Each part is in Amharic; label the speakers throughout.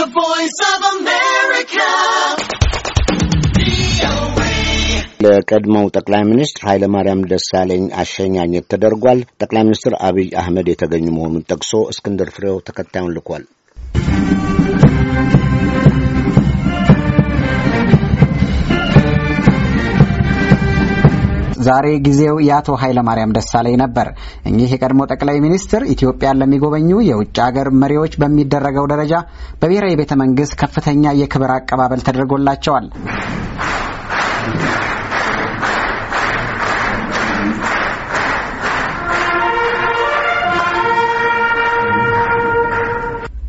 Speaker 1: The Voice of America.
Speaker 2: ለቀድሞው ጠቅላይ ሚኒስትር ኃይለማርያም ደሳለኝ አሸኛኘት ተደርጓል። ጠቅላይ ሚኒስትር አብይ አህመድ የተገኙ መሆኑን ጠቅሶ እስክንድር ፍሬው ተከታዩን ልኳል። ዛሬ ጊዜው የአቶ ኃይለማርያም ደሳለኝ ነበር። እኚህ የቀድሞ ጠቅላይ ሚኒስትር ኢትዮጵያን ለሚጎበኙ የውጭ ሀገር መሪዎች በሚደረገው ደረጃ በብሔራዊ ቤተ መንግስት ከፍተኛ የክብር አቀባበል ተደርጎላቸዋል።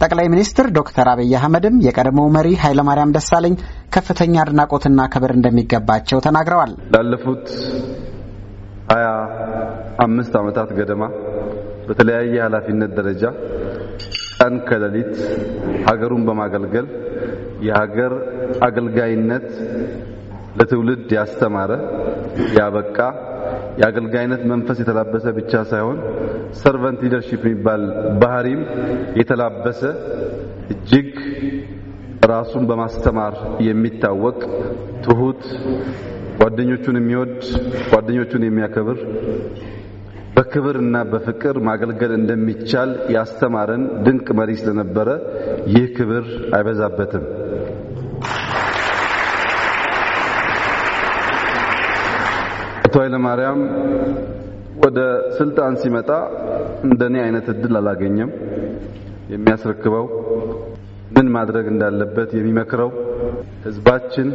Speaker 2: ጠቅላይ ሚኒስትር ዶክተር አብይ አህመድም የቀድሞው መሪ ኃይለማርያም ደሳለኝ ከፍተኛ አድናቆትና ክብር እንደሚገባቸው ተናግረዋል።
Speaker 1: ላለፉት ሀያ አምስት ዓመታት ገደማ በተለያየ ኃላፊነት ደረጃ ቀን ከሌሊት ሀገሩን በማገልገል የሀገር አገልጋይነት ለትውልድ ያስተማረ ያበቃ የአገልጋይነት መንፈስ የተላበሰ ብቻ ሳይሆን ሰርቨንት ሊደርሺፕ የሚባል ባህሪም የተላበሰ እጅግ ራሱን በማስተማር የሚታወቅ ትሁት ጓደኞቹን የሚወድ ጓደኞቹን የሚያከብር በክብርና በፍቅር ማገልገል እንደሚቻል ያስተማረን ድንቅ መሪ ስለነበረ ይህ ክብር አይበዛበትም። አቶ ኃይለማርያም ወደ ስልጣን ሲመጣ እንደኔ አይነት እድል አላገኘም። የሚያስረክበው ምን ማድረግ እንዳለበት የሚመክረው ህዝባችን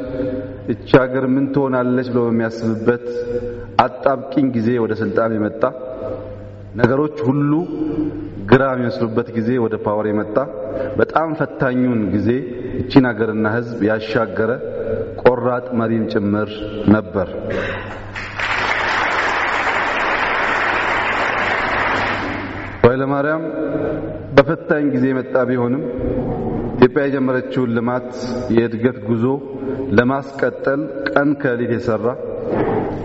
Speaker 1: እቺ ሀገር ምን ትሆናለች ብሎ በሚያስብበት አጣብቂኝ ጊዜ ወደ ስልጣን የመጣ ነገሮች ሁሉ ግራ የሚመስሉበት ጊዜ ወደ ፓወር የመጣ በጣም ፈታኙን ጊዜ እቺን ሀገርና ህዝብ ያሻገረ ቆራጥ መሪም ጭምር ነበር። ኃይለማርያም በፈታኝ ጊዜ የመጣ ቢሆንም ኢትዮጵያ የጀመረችውን ልማት የእድገት ጉዞ ለማስቀጠል ቀን ከሌት የሰራ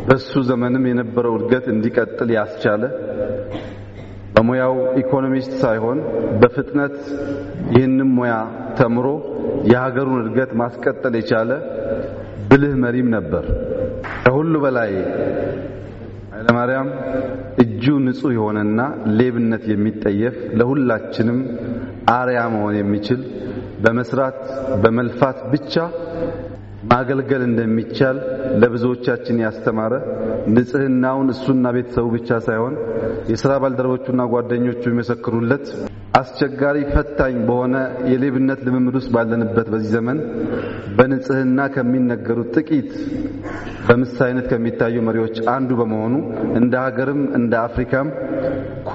Speaker 1: በሱ ዘመንም የነበረው እድገት እንዲቀጥል ያስቻለ በሙያው ኢኮኖሚስት ሳይሆን በፍጥነት ይህንም ሙያ ተምሮ የሀገሩን እድገት ማስቀጠል የቻለ ብልህ መሪም ነበር። ከሁሉ በላይ ኃይለማርያም እጁ ንጹህ የሆነና ሌብነት የሚጠየፍ ለሁላችንም አርያ መሆን የሚችል በመስራት በመልፋት ብቻ ማገልገል እንደሚቻል ለብዙዎቻችን ያስተማረ ንጽህናውን እሱና ቤተሰቡ ብቻ ሳይሆን የሥራ ባልደረቦቹና ጓደኞቹ የሚመሰክሩለት አስቸጋሪ ፈታኝ በሆነ የሌብነት ልምምድ ውስጥ ባለንበት በዚህ ዘመን በንጽህና ከሚነገሩ ጥቂት በምሳሌነት ከሚታዩ መሪዎች አንዱ በመሆኑ እንደ ሀገርም እንደ አፍሪካም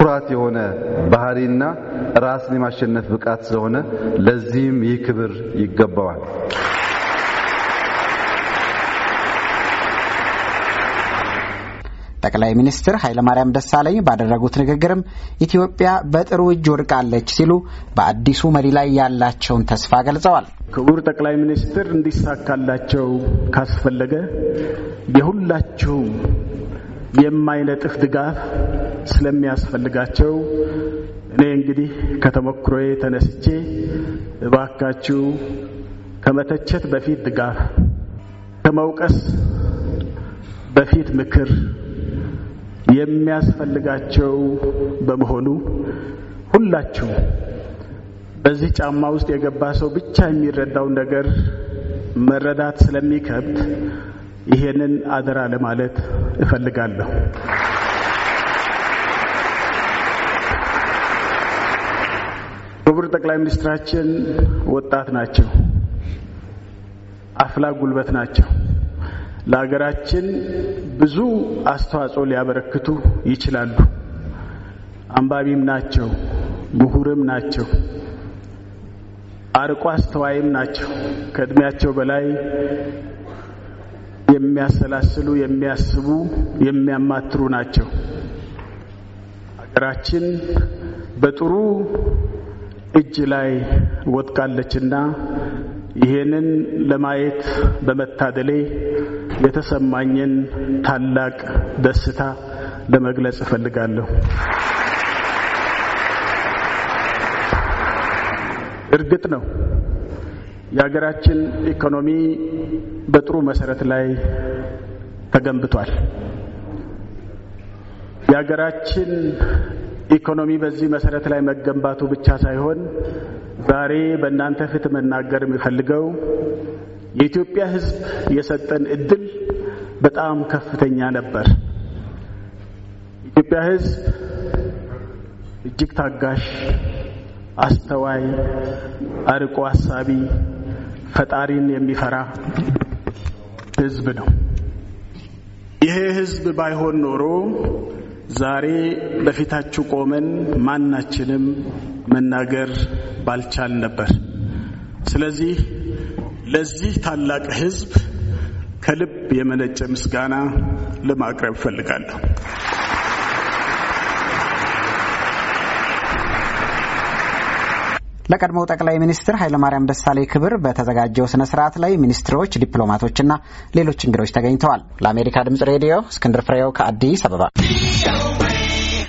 Speaker 1: ኩራት የሆነ ባህሪና ራስን የማሸነፍ ብቃት ስለሆነ ለዚህም ይህ ክብር ይገባዋል።
Speaker 2: ጠቅላይ ሚኒስትር ኃይለማርያም ደሳለኝ ባደረጉት ንግግርም ኢትዮጵያ በጥሩ እጅ ወድቃለች ሲሉ በአዲሱ መሪ ላይ ያላቸውን ተስፋ
Speaker 3: ገልጸዋል። ክቡር ጠቅላይ ሚኒስትር እንዲሳካላቸው ካስፈለገ የሁላችሁም የማይነጥፍ ድጋፍ ስለሚያስፈልጋቸው እኔ እንግዲህ ከተሞክሮዬ ተነስቼ እባካችሁ ከመተቸት በፊት ድጋፍ፣ ከመውቀስ በፊት ምክር የሚያስፈልጋቸው በመሆኑ ሁላችሁ በዚህ ጫማ ውስጥ የገባ ሰው ብቻ የሚረዳውን ነገር መረዳት ስለሚከብድ ይሄንን አደራ ለማለት እፈልጋለሁ። ክቡር ጠቅላይ ሚኒስትራችን ወጣት ናቸው፣ አፍላ ጉልበት ናቸው። ለሀገራችን ብዙ አስተዋጽኦ ሊያበረክቱ ይችላሉ። አንባቢም ናቸው፣ ምሁርም ናቸው፣ አርቆ አስተዋይም ናቸው። ከእድሜያቸው በላይ የሚያሰላስሉ፣ የሚያስቡ፣ የሚያማትሩ ናቸው። ሀገራችን በጥሩ እጅ ላይ ወጥቃለችና ይሄንን ለማየት በመታደሌ የተሰማኝን ታላቅ ደስታ ለመግለጽ እፈልጋለሁ። እርግጥ ነው የሀገራችን ኢኮኖሚ በጥሩ መሰረት ላይ ተገንብቷል። የሀገራችን ኢኮኖሚ በዚህ መሰረት ላይ መገንባቱ ብቻ ሳይሆን ዛሬ በእናንተ ፊት መናገር የሚፈልገው የኢትዮጵያ ሕዝብ የሰጠን እድል በጣም ከፍተኛ ነበር። የኢትዮጵያ ሕዝብ እጅግ ታጋሽ፣ አስተዋይ፣ አርቆ አሳቢ፣ ፈጣሪን የሚፈራ ሕዝብ ነው። ይሄ ሕዝብ ባይሆን ኖሮ ዛሬ በፊታችሁ ቆመን ማናችንም መናገር ባልቻል ነበር። ስለዚህ ለዚህ ታላቅ ሕዝብ ከልብ የመነጨ ምስጋና ለማቅረብ እፈልጋለሁ።
Speaker 2: ለቀድሞው ጠቅላይ ሚኒስትር ኃይለማርያም ደሳሌ ክብር በተዘጋጀው ስነ ስርዓት ላይ ሚኒስትሮች፣ ዲፕሎማቶችና ሌሎች እንግዶች ተገኝተዋል። ለአሜሪካ ድምጽ ሬዲዮ እስክንድር ፍሬው ከአዲስ አበባ